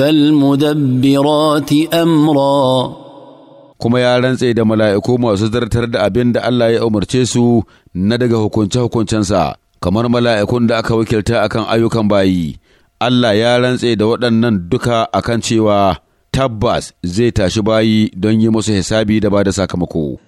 فالمدبرات أمرا kuma ya rantse da mala'iku masu zartar da abin da Allah ya umarce su na daga hukunce-hukuncensa, kamar mala'ikun da aka wakilta akan ayyukan bayi, Allah ya rantse da waɗannan duka akan cewa tabbas zai tashi bayi don yi musu hisabi da ba da sakamako.